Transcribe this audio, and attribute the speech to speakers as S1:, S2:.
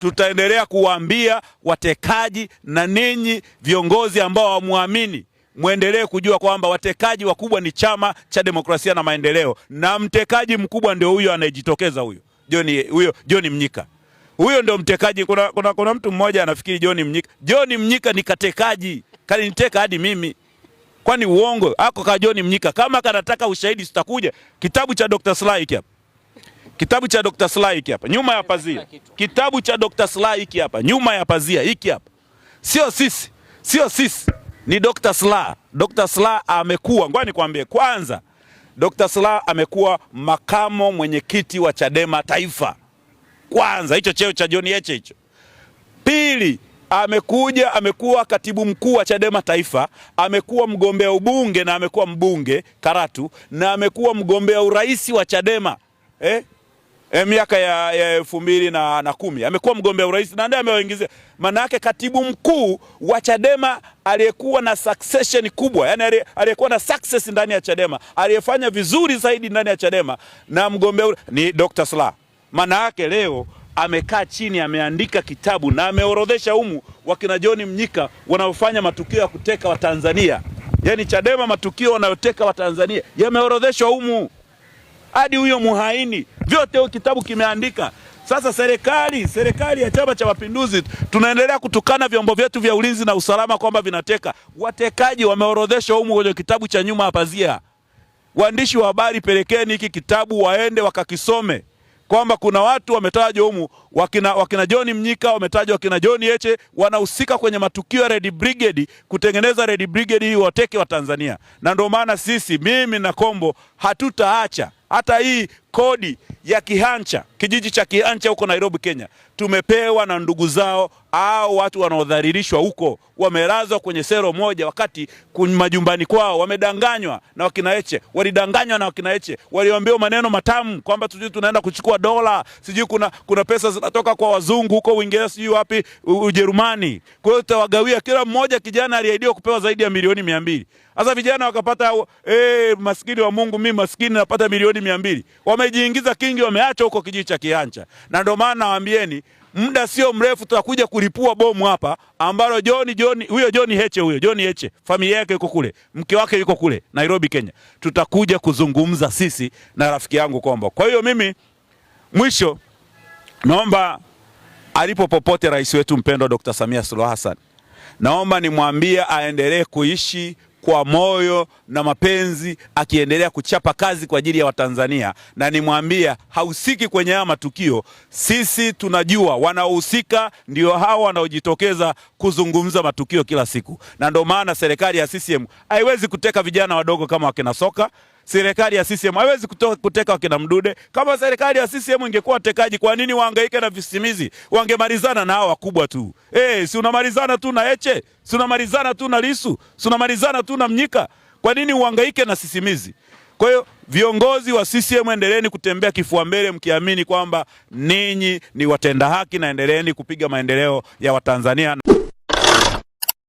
S1: tutaendelea kuwaambia watekaji na ninyi viongozi ambao hamwamini mwendelee kujua kwamba watekaji wakubwa ni Chama cha Demokrasia na Maendeleo, na mtekaji mkubwa ndio huyo anayejitokeza huyo John, huyo John Mnyika, huyo ndio mtekaji. Kuna, kuna, kuna mtu mmoja anafikiri John Mnyika, John Mnyika ni katekaji, kaliniteka hadi mimi. Kwani uongo ako ka John Mnyika? Kama kanataka ushahidi, sitakuja kitabu cha Dr. Slaa hapa. Kitabu cha Dr. Slay hiki hapa nyuma ya pazia, kitabu cha Dr. Slay hiki hapa nyuma ya pazia, hiki hapa. Sio sisi, sio sisi, ni Dr. Slay. Dr. Slay amekuwa, ngoja nikwambie kwanza, Dr. Slay amekuwa makamo mwenyekiti wa Chadema Taifa, kwanza hicho cheo cha John Heche hicho. Pili, amekuja amekuwa katibu mkuu wa Chadema Taifa, amekuwa mgombea ubunge na amekuwa mbunge Karatu, na amekuwa mgombea urais wa Chadema eh? e, miaka ya, ya elfu mbili na, na kumi amekuwa mgombea urais na ndiye amewaingizia. Maana yake katibu mkuu wa Chadema aliyekuwa na succession kubwa, yani aliyekuwa na success ndani ya Chadema, aliyefanya vizuri zaidi ndani ya Chadema na mgombea ura... ni Dr. Sla. Maana yake leo amekaa chini ameandika kitabu na ameorodhesha humu wakina John Mnyika wanaofanya matukio ya kuteka Watanzania, yani Chadema matukio wanayoteka Watanzania yameorodheshwa humu hadi huyo muhaini, vyote huyo kitabu kimeandika. Sasa serikali serikali ya Chama cha Mapinduzi tunaendelea kutukana vyombo vyetu vya ulinzi na usalama kwamba vinateka. Watekaji wameorodheshwa humu kwenye kitabu cha nyuma ya pazia. Waandishi wa habari, pelekeni hiki kitabu waende wakakisome kwamba kuna watu wametajwa humu, wakina, wakina John Mnyika wametajwa, wakina John Heche wanahusika kwenye matukio ya Red Brigade, kutengeneza Red Brigade hii wateke wa Tanzania. Na ndio maana sisi, mimi na Kombo hatutaacha hata hii kodi ya Kihancha, kijiji cha Kihancha huko Nairobi, Kenya, tumepewa na ndugu zao au watu wanaodhalilishwa huko, wamelazwa kwenye sero moja, wakati majumbani kwao wamedanganywa na wakina Heche, walidanganywa na wakina Heche, waliambiwa maneno matamu kwamba sijui tunaenda kuchukua dola, sijui kuna, kuna pesa zinatoka kwa wazungu huko Uingereza, sijui wapi Ujerumani. Kwa hiyo tutawagawia kila mmoja, kijana aliahidiwa kupewa zaidi ya milioni mia mbili. Sasa vijana wakapata eh, maskini wa Mungu, mimi maskini napata milioni hadi mia mbili wamejiingiza kingi, wameacha huko kijiji cha Kiancha. Na ndio maana nawaambieni muda sio mrefu tutakuja kulipua bomu hapa ambalo John John huyo John Heche huyo John Heche familia yake yuko kule, mke wake yuko kule Nairobi, Kenya. Tutakuja kuzungumza sisi na rafiki yangu Kombo. Kwa hiyo mimi mwisho naomba alipo popote rais wetu mpendwa Dr. Samia Suluhu Hassan, naomba nimwambie aendelee kuishi kwa moyo na mapenzi, akiendelea kuchapa kazi kwa ajili ya Watanzania, na nimwambia hahusiki kwenye haya matukio. Sisi tunajua wanaohusika ndio hawa wanaojitokeza kuzungumza matukio kila siku, na ndio maana serikali ya CCM haiwezi kuteka vijana wadogo kama wakina Soka serikali ya CCM haiwezi kuteka wakina Mdude. Kama serikali ya CCM ingekuwa tekaji, kwa nini wahangaike na visimizi? Wangemalizana na hao wakubwa tu. Eh, si unamalizana tu na Heche, si unamalizana tu na Lisu, si unamalizana tu na Mnyika. Kwa nini uhangaike na sisimizi? Kwa hiyo viongozi wa CCM endeleeni kutembea kifua mbele, mkiamini kwamba ninyi ni watenda haki, na endeleeni kupiga maendeleo ya Watanzania.